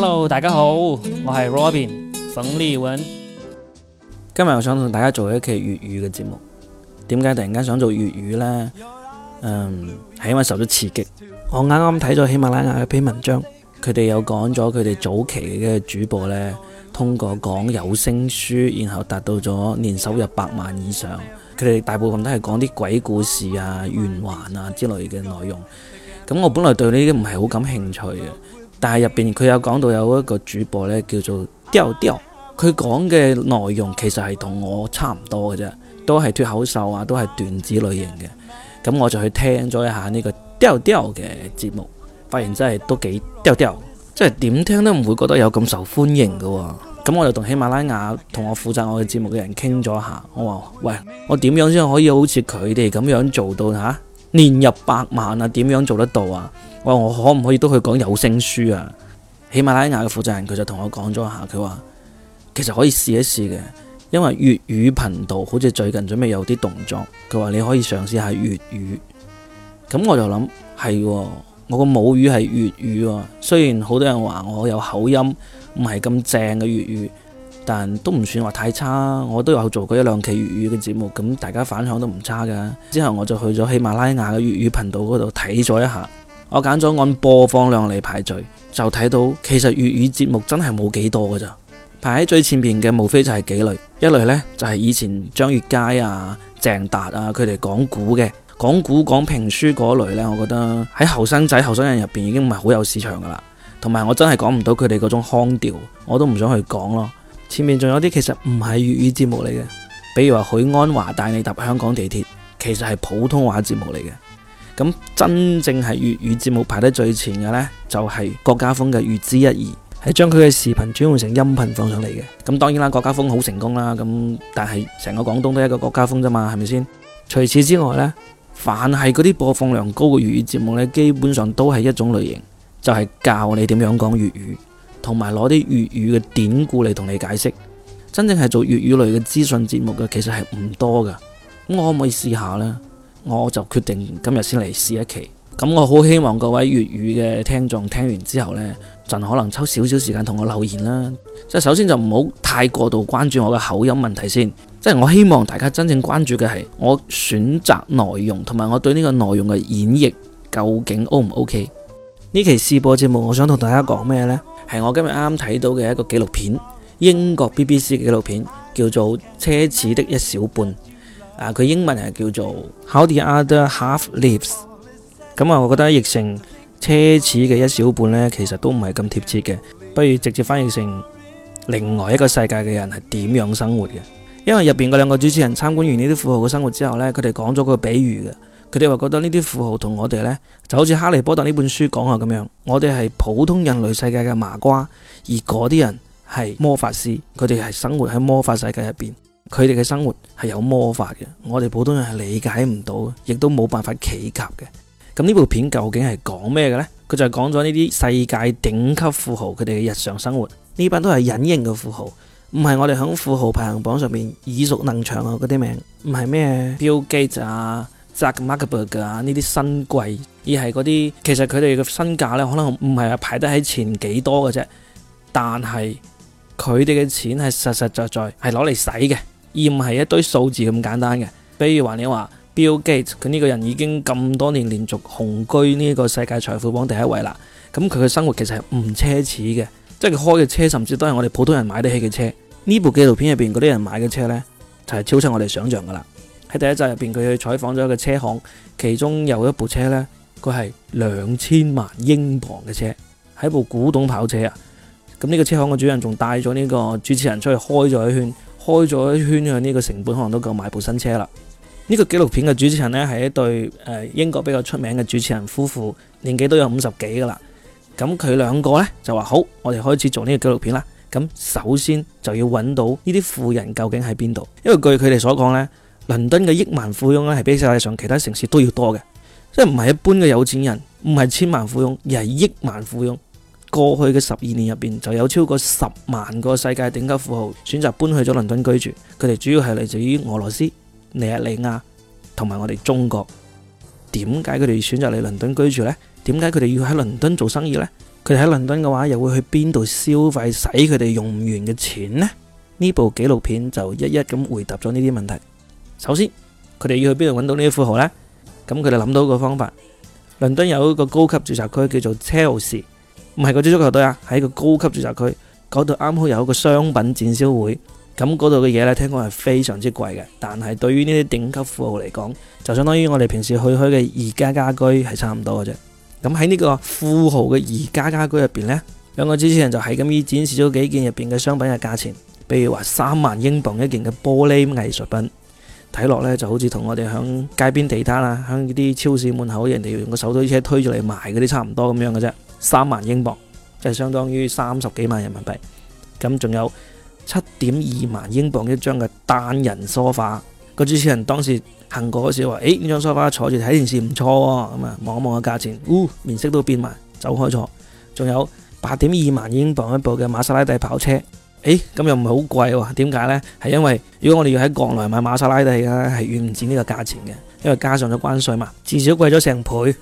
Hello，大家好，我係 Robin 馮立文。今日我想同大家做一期粵語嘅節目。點解突然間想做粵語呢？嗯，係因為受咗刺激。我啱啱睇咗喜馬拉雅一篇文章，佢哋有講咗佢哋早期嘅主播呢，通過講有聲書，然後達到咗年收入百萬以上。佢哋大部分都係講啲鬼故事啊、玄幻啊之類嘅內容。咁我本來對呢啲唔係好感興趣嘅。但係入邊佢有講到有一個主播呢，叫做雕雕，佢講嘅內容其實係同我差唔多嘅啫，都係脫口秀啊，都係段子類型嘅。咁我就去聽咗一下呢個雕雕嘅節目，發現真係都幾雕雕，即係點聽都唔會覺得有咁受歡迎㗎喎。咁我就同喜馬拉雅同我負責我嘅節目嘅人傾咗下，我話喂，我點樣先可以好似佢哋咁樣做到吓、啊、年入百萬啊？點樣做得到啊？我我可唔可以都去講有聲書啊？喜馬拉雅嘅負責人佢就同我講咗一下，佢話其實可以試一試嘅，因為粵語頻道好似最近準備有啲動作，佢話你可以嘗試下粵語。咁我就諗係，我個母語係粵語喎啊。雖然好多人話我有口音，唔係咁正嘅粵語，但都唔算話太差。我都有做過一兩期粵語嘅節目，咁大家反響都唔差噶。之後我就去咗喜馬拉雅嘅粵語頻道嗰度睇咗一下。我揀咗按播放量嚟排序，就睇到其實粵語節目真係冇幾多噶咋。排喺最前邊嘅無非就係幾類，一類呢就係以前張悅楷啊、鄭達啊佢哋講古嘅，講古講評書嗰類咧，我覺得喺後生仔後生人入邊已經唔係好有市場噶啦。同埋我真係講唔到佢哋嗰種腔調，我都唔想去講咯。前面仲有啲其實唔係粵語節目嚟嘅，比如話許鞍華帶你搭香港地鐵，其實係普通話節目嚟嘅。咁真正係粵語節目排得最前嘅呢，就係郭家風嘅《粵之一二》，係將佢嘅視頻轉換成音頻放上嚟嘅。咁當然啦，郭家風好成功啦。咁但係成個廣東都係一個郭家風啫嘛，係咪先？除此之外呢，凡係嗰啲播放量高嘅粵語節目呢，基本上都係一種類型，就係教你點樣講粵語，同埋攞啲粵語嘅典故嚟同你解釋。真正係做粵語類嘅資訊節目嘅，其實係唔多㗎。咁我可唔可以試下呢？我就決定今日先嚟試一期，咁我好希望各位粵語嘅聽眾聽完之後呢，盡可能抽少少時間同我留言啦。即係首先就唔好太過度關注我嘅口音問題先，即係我希望大家真正關注嘅係我選擇內容同埋我對呢個內容嘅演繹究竟 O 唔 O K？呢期試播節目我想同大家講咩呢？係我今日啱啱睇到嘅一個紀錄片，英國 BBC 紀錄片叫做《奢侈的一小半》。啊！佢英文係叫做 “How the Other Half Lives”，咁啊，我覺得譯成奢侈嘅一小半呢，其實都唔係咁貼切嘅，不如直接翻譯成另外一個世界嘅人係點樣生活嘅。因為入邊嗰兩個主持人參觀完呢啲富豪嘅生活之後呢，佢哋講咗個比喻嘅，佢哋話覺得呢啲富豪同我哋呢，就好似《哈利波特》呢本書講啊咁樣，我哋係普通人類世界嘅麻瓜，而嗰啲人係魔法師，佢哋係生活喺魔法世界入邊。佢哋嘅生活係有魔法嘅，我哋普通人係理解唔到，亦都冇辦法企及嘅。咁呢部片究竟係講咩嘅呢？佢就係講咗呢啲世界頂級富豪佢哋嘅日常生活。呢班都係隱形嘅富豪，唔係我哋響富豪排行榜上面耳熟能詳嗰啲名，唔係咩 Bill Gates 啊、扎克伯格啊呢啲新貴，而係嗰啲其實佢哋嘅身價咧，可能唔係話排得喺前幾多嘅啫，但係佢哋嘅錢係實實在在係攞嚟使嘅。而唔係一堆數字咁簡單嘅，比如話你話 Bill Gates 佢呢個人已經咁多年連續雄居呢個世界財富榜第一位啦，咁佢嘅生活其實係唔奢侈嘅，即係佢開嘅車甚至都係我哋普通人買得起嘅車。呢部紀錄片入邊嗰啲人買嘅車呢，就係超出我哋想象噶啦。喺第一集入邊，佢去採訪咗一個車行，其中有一部車呢，佢係兩千萬英鎊嘅車，係部古董跑車啊。咁呢個車行嘅主人仲帶咗呢個主持人出去開咗一圈。開咗一圈嘅呢個成本可能都夠買部新車啦。呢個紀錄片嘅主持人呢，係一對誒英國比較出名嘅主持人夫婦，年紀都有五十幾噶啦。咁佢兩個呢，就話好，我哋開始做呢個紀錄片啦。咁首先就要揾到呢啲富人究竟喺邊度，因為據佢哋所講呢，倫敦嘅億萬富翁呢，係比世界上其他城市都要多嘅，即係唔係一般嘅有錢人，唔係千萬富翁，而係億萬富翁。過去嘅十二年入邊，就有超過十萬個世界頂級富豪選擇搬去咗倫敦居住。佢哋主要係嚟自於俄羅斯、尼日利亞同埋我哋中國。點解佢哋選擇嚟倫敦居住呢？點解佢哋要喺倫敦做生意呢？佢哋喺倫敦嘅話，又會去邊度消費，使佢哋用唔完嘅錢呢？呢部紀錄片就一一咁回答咗呢啲問題。首先，佢哋要去邊度揾到呢啲富豪呢？咁佢哋諗到個方法，倫敦有一個高級住宅區叫做 Chelsea 唔係個支足球隊啊，喺個高級住宅區嗰度啱好有一個商品展銷會。咁嗰度嘅嘢呢，聽講係非常之貴嘅。但係對於呢啲頂級富豪嚟講，就相當於我哋平時去開嘅宜家家居係差唔多嘅啫。咁喺呢個富豪嘅宜家家居入面呢，兩個主持人就係咁依展示咗幾件入面嘅商品嘅價錢，比如話三萬英鎊一件嘅玻璃藝術品，睇落呢，就好似同我哋響街邊地攤啊，響啲超市門口人哋要用個手推車推出嚟賣嗰啲差唔多咁樣嘅啫。三萬英鎊，就係、是、相當於三十幾萬人民幣。咁仲有七點二萬英鎊一張嘅單人梳化。個主持人當時行過嗰時話，誒，呢張梳化坐住睇電視唔錯喎。咁啊望一望個價錢，唔、哦、面色都變埋，走開咗。仲有八點二萬英鎊一部嘅馬莎拉蒂跑車，誒、哎、咁又唔係好貴喎？點解呢？係因為如果我哋要喺國內買馬莎拉蒂嘅係遠唔止呢個價錢嘅，因為加上咗關稅嘛，至少貴咗成倍。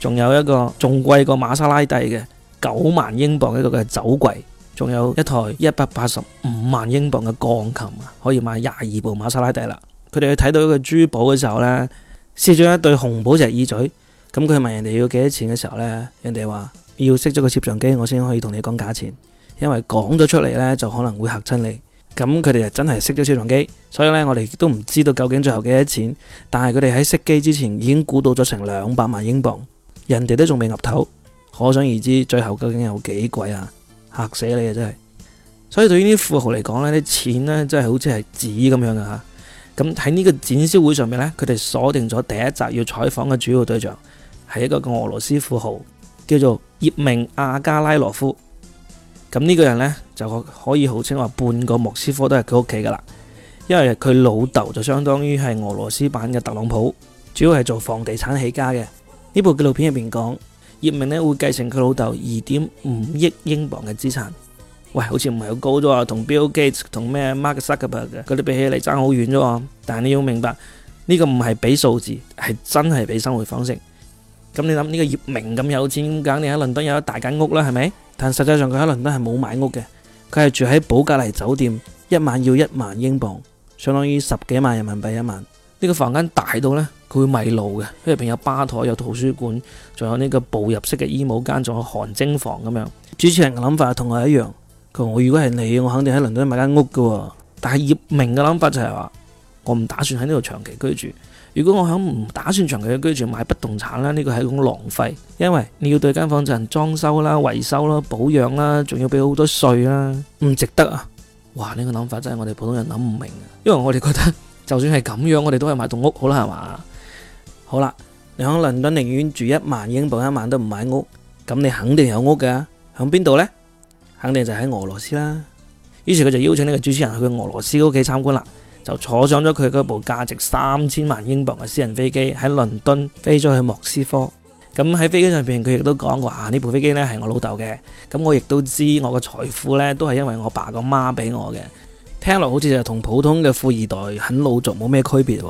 仲有一個仲貴過馬莎拉蒂嘅九萬英鎊一個嘅酒櫃，仲有一台一百八十五萬英鎊嘅鋼琴啊，可以買廿二部馬莎拉蒂啦。佢哋去睇到一個珠寶嘅時候呢，試咗一對紅寶石耳墜。咁佢問人哋要幾多錢嘅時候呢，人哋話要熄咗個攝像機，我先可以同你講價錢，因為講咗出嚟呢，就可能會嚇親你。咁佢哋就真係熄咗攝像機，所以呢，我哋都唔知道究竟最後幾多錢。但係佢哋喺熄機之前已經估到咗成兩百萬英鎊。人哋都仲未岌頭，可想而知最後究竟有幾貴啊！嚇死你啊！真係。所以對於啲富豪嚟講呢啲錢呢，真係好似係紙咁樣嘅吓。咁喺呢個展銷會上面呢，佢哋鎖定咗第一集要採訪嘅主要對象係一個俄羅斯富豪，叫做葉明阿加拉羅夫。咁呢個人呢，就可以號稱話半個莫斯科都係佢屋企噶啦，因為佢老豆就相當於係俄羅斯版嘅特朗普，主要係做房地產起家嘅。呢部紀錄片入邊講，葉明咧會繼承佢老豆二點五億英鎊嘅資產，喂，好似唔係好高咗，同 Bill Gates 同咩 Mark Zuckerberg 佢哋比起嚟爭好遠咗。但係你要明白，呢、這個唔係比數字，係真係比生活方式。咁你諗呢、這個葉明咁有錢，咁肯你喺倫敦有一大間屋啦，係咪？但實際上佢喺倫敦係冇買屋嘅，佢係住喺寶格麗酒店，一晚要一萬英鎊，相當於十幾萬人民幣一晚。呢、這個房間大到呢？佢會迷路嘅，佢入邊有吧台、有圖書館，仲有呢個步入式嘅衣帽間，仲有汗蒸房咁樣。主持人嘅諗法同我一樣，佢話我如果係你，我肯定喺倫敦買間屋喎。但係葉明嘅諗法就係話，我唔打算喺呢度長期居住。如果我響唔打算長期居住，買不動產啦，呢個係一種浪費，因為你要對間房進行裝修啦、維修啦、保養啦，仲要俾好多稅啦，唔值得啊！哇！呢個諗法真係我哋普通人諗唔明啊，因為我哋覺得就算係咁樣，我哋都係買棟屋好啦，係嘛？好啦，你喺倫敦寧願住一萬英鎊一晚都唔買屋，咁你肯定有屋嘅，喺邊度呢？肯定就喺俄羅斯啦。於是佢就邀請呢個主持人去佢俄羅斯屋企參觀啦，就坐上咗佢嗰部價值三千萬英鎊嘅私人飛機喺倫敦飛咗去莫斯科。咁喺飛機上邊，佢亦都講過啊，呢部飛機呢係我老豆嘅，咁我亦都知我嘅財富呢，都係因為我爸個媽俾我嘅。聽落好似就同普通嘅富二代啃老族冇咩區別。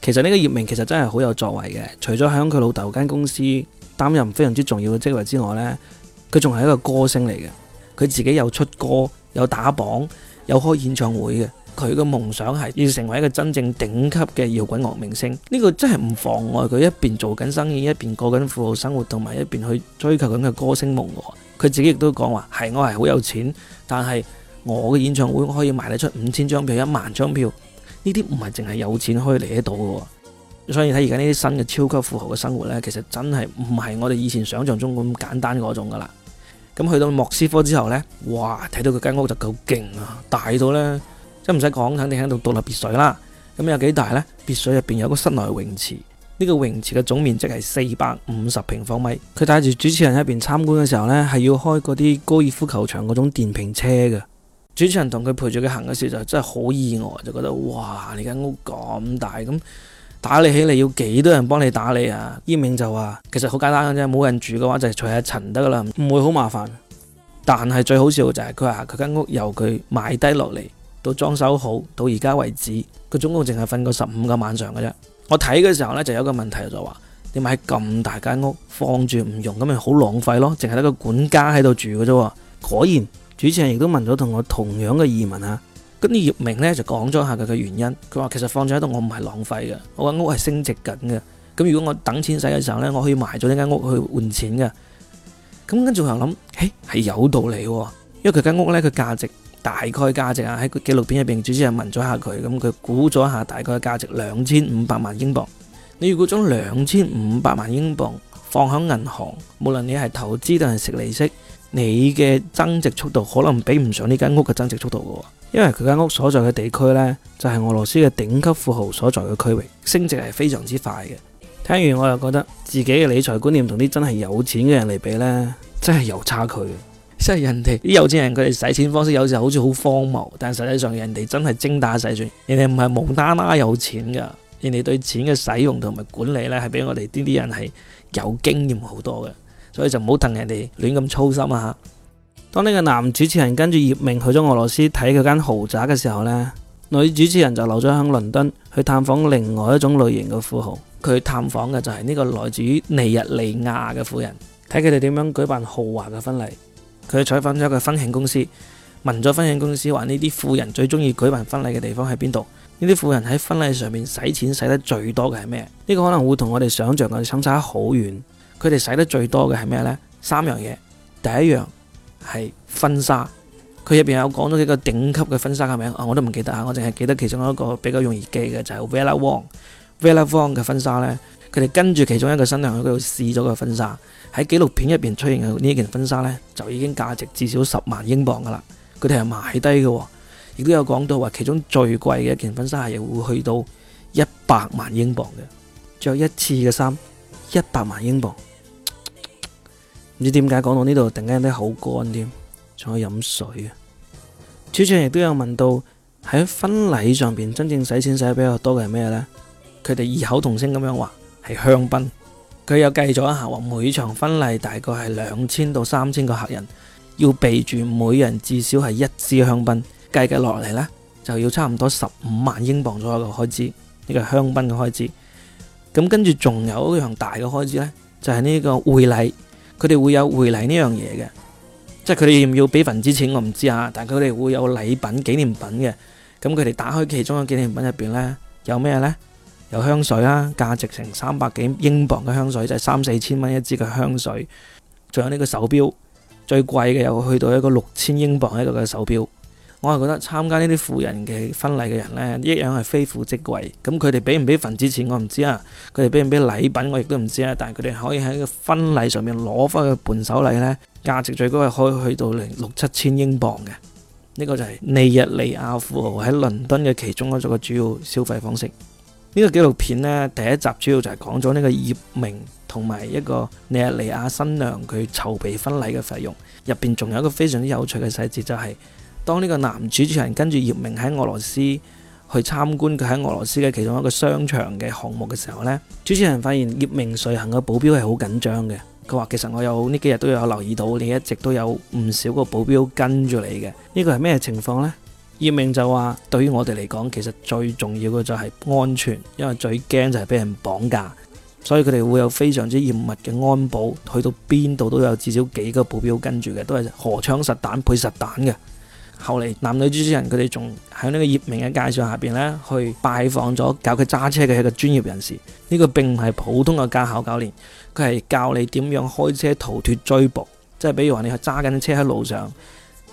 其實呢個葉明其實真係好有作為嘅，除咗喺佢老豆間公司擔任非常之重要嘅職位之外呢，佢仲係一個歌星嚟嘅，佢自己有出歌、有打榜、有開演唱會嘅。佢嘅夢想係要成為一個真正頂級嘅搖滾樂明星。呢個真係唔妨礙佢一邊做緊生意，一邊過緊富豪生活，同埋一邊去追求緊嘅歌星夢。佢自己亦都講話：，係我係好有錢，但係我嘅演唱會我可以賣得出五千張票、一萬張票。呢啲唔係淨係有錢可以嚟得到嘅，所以睇而家呢啲新嘅超級富豪嘅生活呢，其實真係唔係我哋以前想象中咁簡單嗰種噶啦。咁去到莫斯科之後呢，哇！睇到佢間屋就夠勁啊，大到呢，即唔使講，肯定喺度獨立別墅啦。咁有幾大呢？別墅入邊有個室內泳池，呢個泳池嘅總面積係四百五十平方米。佢帶住主持人喺邊參觀嘅時候呢，係要開嗰啲高爾夫球場嗰種電瓶車嘅。主持人同佢陪住佢行嘅時就真係好意外，就覺得哇，你間屋咁大，咁打理起嚟，要幾多人幫你打理啊？伊明就話，其實好簡單嘅啫，冇人住嘅話就除下塵得噶啦，唔會好麻煩。但係最好笑就係佢話佢間屋由佢買低落嚟，到裝修好，到而家為止，佢總共淨係瞓過十五個晚上嘅啫。我睇嘅時候呢，就有個問題就話，你買咁大間屋放住唔用咁咪好浪費咯？淨係一個管家喺度住嘅啫，果然。主持人亦都問咗同我同樣嘅疑問啊，咁呢葉明呢就講咗下佢嘅原因。佢話其實放咗喺度我唔係浪費嘅，我間屋係升值緊嘅。咁如果我等錢使嘅時候呢，我可以賣咗呢間屋去換錢嘅。咁跟住又諗，嘿係有道理喎，啊，因為佢間屋呢，佢價值大概價值啊喺紀錄片入邊，主持人問咗下佢，咁佢估咗下大概價值兩千五百萬英鎊。你如果將兩千五百萬英鎊放喺銀行，無論你係投資定係食利息，你嘅增值速度可能比唔上呢間屋嘅增值速度，因為佢間屋所在嘅地區呢，就係俄羅斯嘅頂級富豪所在嘅區域，升值係非常之快嘅。聽完我又覺得自己嘅理財觀念同啲真係有錢嘅人嚟比呢，真係有差距。即係人哋啲有錢人佢哋使錢方式有時好似好荒謬，但實際上人哋真係精打細算，人哋唔係冇啦啦有錢噶，人哋對錢嘅使用同埋管理呢，係比我哋呢啲人係有經驗好多嘅。所以就唔好等人哋亂咁操心啊。當呢個男主持人跟住葉明去咗俄羅斯睇佢間豪宅嘅時候呢，女主持人就留咗喺倫敦去探訪另外一種類型嘅富豪。佢探訪嘅就係呢個來自於尼日利亞嘅富人，睇佢哋點樣舉辦豪華嘅婚禮。佢採訪咗一個婚慶公司，問咗婚慶公司話：呢啲富人最中意舉辦婚禮嘅地方喺邊度？呢啲富人喺婚禮上面使錢使得最多嘅係咩？呢個可能會同我哋想象嘅相差好遠。佢哋使得最多嘅係咩呢？三樣嘢，第一樣係婚紗，佢入邊有講到幾個頂級嘅婚紗嘅名，啊我都唔記得啊，我淨係記得其中一個比較容易記嘅就係 Vera Wang，Vera Wang 嘅婚紗呢，佢哋跟住其中一個新娘喺度試咗個婚紗，喺紀錄片入邊出現嘅呢件婚紗呢，就已經價值至少十萬英鎊噶啦，佢哋係賣低嘅，如果有講到話其中最貴嘅一件婚紗係會去到一百萬英鎊嘅，着一次嘅衫一百萬英鎊。唔知點解講到呢度，突然間有啲口乾添，仲去飲水啊！主持人亦都有問到喺婚禮上邊真正使錢使得比較多嘅係咩呢？佢哋異口同聲咁樣話係香檳。佢又計咗一下，話每場婚禮大概係兩千到三千個客人，要備住每人至少係一支香檳，計計落嚟呢，就要差唔多十五萬英鎊左右嘅開支，呢個香檳嘅開支。咁跟住仲有一樣大嘅開支呢，就係、是、呢個會禮。佢哋會有回禮呢樣嘢嘅，即係佢哋要唔要俾份子錢我唔知啊，但係佢哋會有禮品紀念品嘅，咁佢哋打開其中嘅紀念品入邊呢，有咩呢？有香水啦，價值成三百幾英鎊嘅香水，就係三四千蚊一支嘅香水，仲有呢個手錶，最貴嘅有去到一個六千英鎊一個嘅手錶。我係覺得參加呢啲富人嘅婚禮嘅人呢，一樣係非富即貴。咁佢哋俾唔俾份子錢我唔知啊，佢哋俾唔俾禮品我亦都唔知啊。但係佢哋可以喺個婚禮上面攞翻嘅伴手禮呢，價值最高係可以去到零六七千英鎊嘅。呢、這個就係尼日利亞富豪喺倫敦嘅其中一種嘅主要消費方式。呢、這個紀錄片呢，第一集主要就係講咗呢個葉明同埋一個尼日利亞新娘佢籌備婚禮嘅費用。入邊仲有一個非常之有趣嘅細節就係、是。當呢個男主持人跟住葉明喺俄羅斯去參觀佢喺俄羅斯嘅其中一個商場嘅項目嘅時候呢，主持人發現葉明隨行嘅保鏢係好緊張嘅。佢話：其實我有呢幾日都有留意到，你一直都有唔少個保鏢跟住你嘅。呢個係咩情況呢？葉明就話：對於我哋嚟講，其實最重要嘅就係安全，因為最驚就係俾人綁架，所以佢哋會有非常之嚴密嘅安保，去到邊度都有至少幾個保鏢跟住嘅，都係荷槍實彈配實彈嘅。後嚟，男女主持人佢哋仲喺呢個葉明嘅介紹下邊呢，去拜訪咗教佢揸車嘅一個專業人士。呢個並唔係普通嘅駕考教練，佢係教你點樣開車逃脫追捕。即係比如話你去揸緊車喺路上，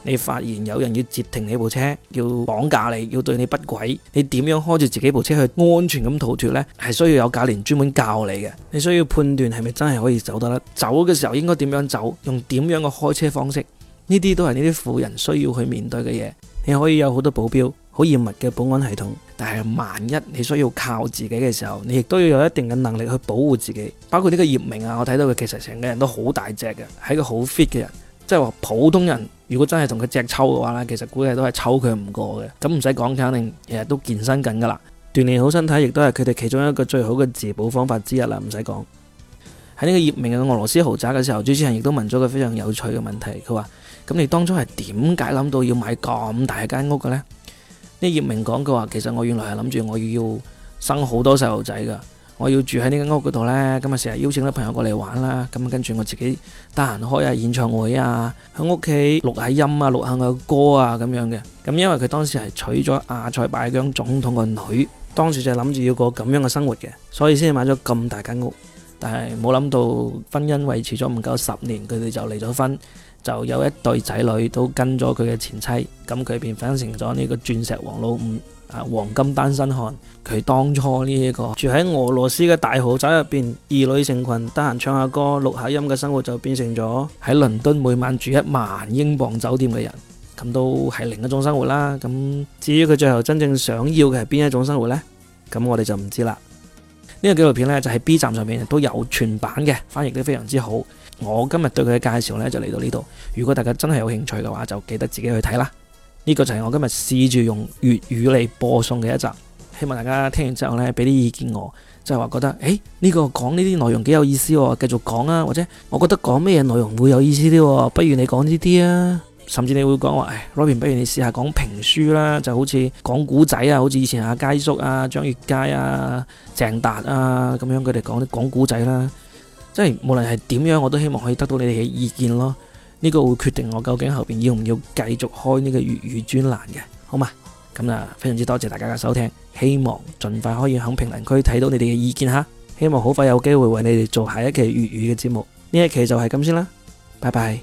你發現有人要截停你部車，要綁架你，要對你不軌，你點樣開住自己部車去安全咁逃脫呢？係需要有教練專門教，教你嘅。你需要判斷係咪真係可以走得甩，走嘅時候應該點樣走，用點樣嘅開車方式。呢啲都係呢啲富人需要去面對嘅嘢。你可以有好多保鏢、好嚴密嘅保安系統，但係萬一你需要靠自己嘅時候，你亦都要有一定嘅能力去保護自己。包括呢個葉明啊，我睇到佢其實成個人都好大隻嘅，係一個好 fit 嘅人。即係話普通人如果真係同佢隻抽嘅話咧，其實估計都係抽佢唔過嘅。咁唔使講，肯定日日都健身緊噶啦。鍛煉好身體亦都係佢哋其中一個最好嘅自保方法之一啦，唔使講。喺呢個葉明嘅俄羅斯豪宅嘅時候，主持人亦都問咗個非常有趣嘅問題。佢話：咁你當初係點解諗到要買咁大間屋嘅呢？呢葉明講：佢話其實我原來係諗住我要生好多細路仔㗎，我要住喺呢間屋嗰度呢，咁啊，成日邀請啲朋友過嚟玩啦。咁跟住我自己得閒開下演唱會啊，喺屋企錄下音啊，錄下個歌啊咁樣嘅。咁因為佢當時係娶咗阿塞拜疆總統嘅女，當時就係諗住要過咁樣嘅生活嘅，所以先買咗咁大間屋。但係冇諗到婚姻維持咗唔夠十年，佢哋就離咗婚，就有一對仔女都跟咗佢嘅前妻，咁佢變返成咗呢個鑽石王老五啊，黃金單身漢。佢當初呢、這、一個住喺俄羅斯嘅大豪宅入邊，兒女成群，得閒唱下歌，錄下音嘅生活，就變成咗喺倫敦每晚住一萬英鎊酒店嘅人，咁都係另一種生活啦。咁至於佢最後真正想要嘅係邊一種生活呢？咁我哋就唔知啦。呢個紀錄片呢，就喺 B 站上面都有全版嘅，翻譯都非常之好。我今日對佢嘅介紹呢，就嚟到呢度。如果大家真係有興趣嘅話，就記得自己去睇啦。呢個就係我今日試住用粵語嚟播送嘅一集，希望大家聽完之後呢，俾啲意見我，即係話覺得，誒呢個講呢啲內容幾有意思喎，繼續講啊，或者我覺得講咩內容會有意思啲喎，不如你講呢啲啊。甚至你會講話，哎，Robin 不如你試下講評書啦，就好似講古仔啊，好似以前阿佳叔啊、張月佳啊、鄭達啊咁樣，佢哋講啲講古仔啦。即係無論係點樣，我都希望可以得到你哋嘅意見咯。呢個會決定我究竟後邊要唔要繼續開呢個粵語專欄嘅，好嘛？咁啊，非常之多謝大家嘅收聽，希望盡快可以喺評論區睇到你哋嘅意見哈。希望好快有機會為你哋做下一期粵語嘅節目。呢一期就係咁先啦，拜拜。